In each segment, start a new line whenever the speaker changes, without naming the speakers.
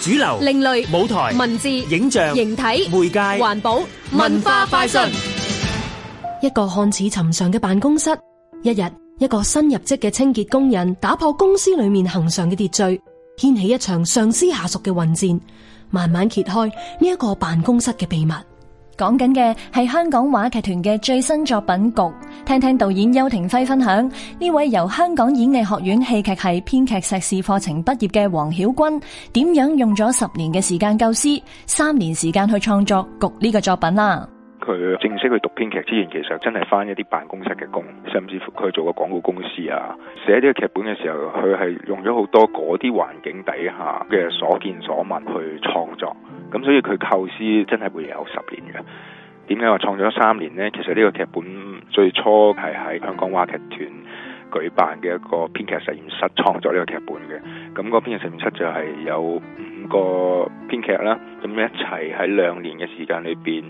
主流、另類、舞台、文字、影像、形
體、媒介、環保、文化快訊。一個看似尋常嘅辦公室，一日一個新入職嘅清潔工人打破公司裏面恒常嘅秩序，掀起一場上司下屬嘅混戰，慢慢揭開呢一個辦公室嘅秘密。
講緊嘅係香港話劇團嘅最新作品《局》，聽聽導演邱庭輝分享呢位由香港演藝學院戲劇系編劇碩士課程畢業嘅黃曉君，點樣用咗十年嘅時間構思，三年時間去創作《局》呢、這個作品啦。
佢正式去讀編劇之前，其實真係返一啲辦公室嘅工，甚至乎佢做個廣告公司啊。寫呢個劇本嘅時候，佢係用咗好多嗰啲環境底下嘅所見所聞去創作。咁所以佢構思真係會有十年嘅。點解話創作咗三年呢？其實呢個劇本最初係喺香港話劇團。舉辦嘅一個編劇實驗室創作呢個劇本嘅，咁個編劇實驗室就係有五個編劇啦，咁一齊喺兩年嘅時間裏邊，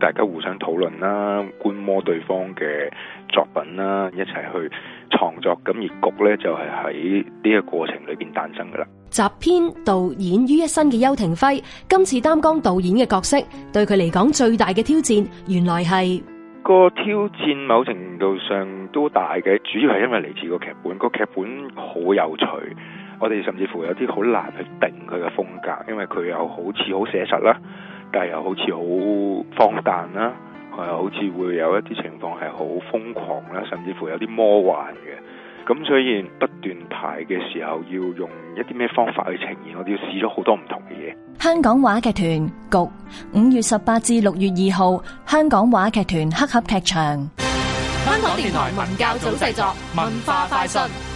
大家互相討論啦，觀摩對方嘅作品啦，一齊去創作。咁而局咧就係喺呢個過程裏邊誕生噶啦。
集編導演於一身嘅邱庭輝，今次擔當導演嘅角色，對佢嚟講最大嘅挑戰，原來係。
個挑戰某程度上都大嘅，主要係因為嚟自個劇本，個劇本好有趣。我哋甚至乎有啲好難去定佢嘅風格，因為佢又好似好寫實啦，但又好似好荒誕啦，又好似會有一啲情況係好瘋狂啦，甚至乎有啲魔幻嘅。咁所以不斷排嘅時候要用一啲咩方法去呈現，我哋要試咗好多唔同嘅嘢。
香港話劇團局，五月十八至六月二號，香港話劇團黑盒劇場。
香港電台文教組製作，文
化快訊。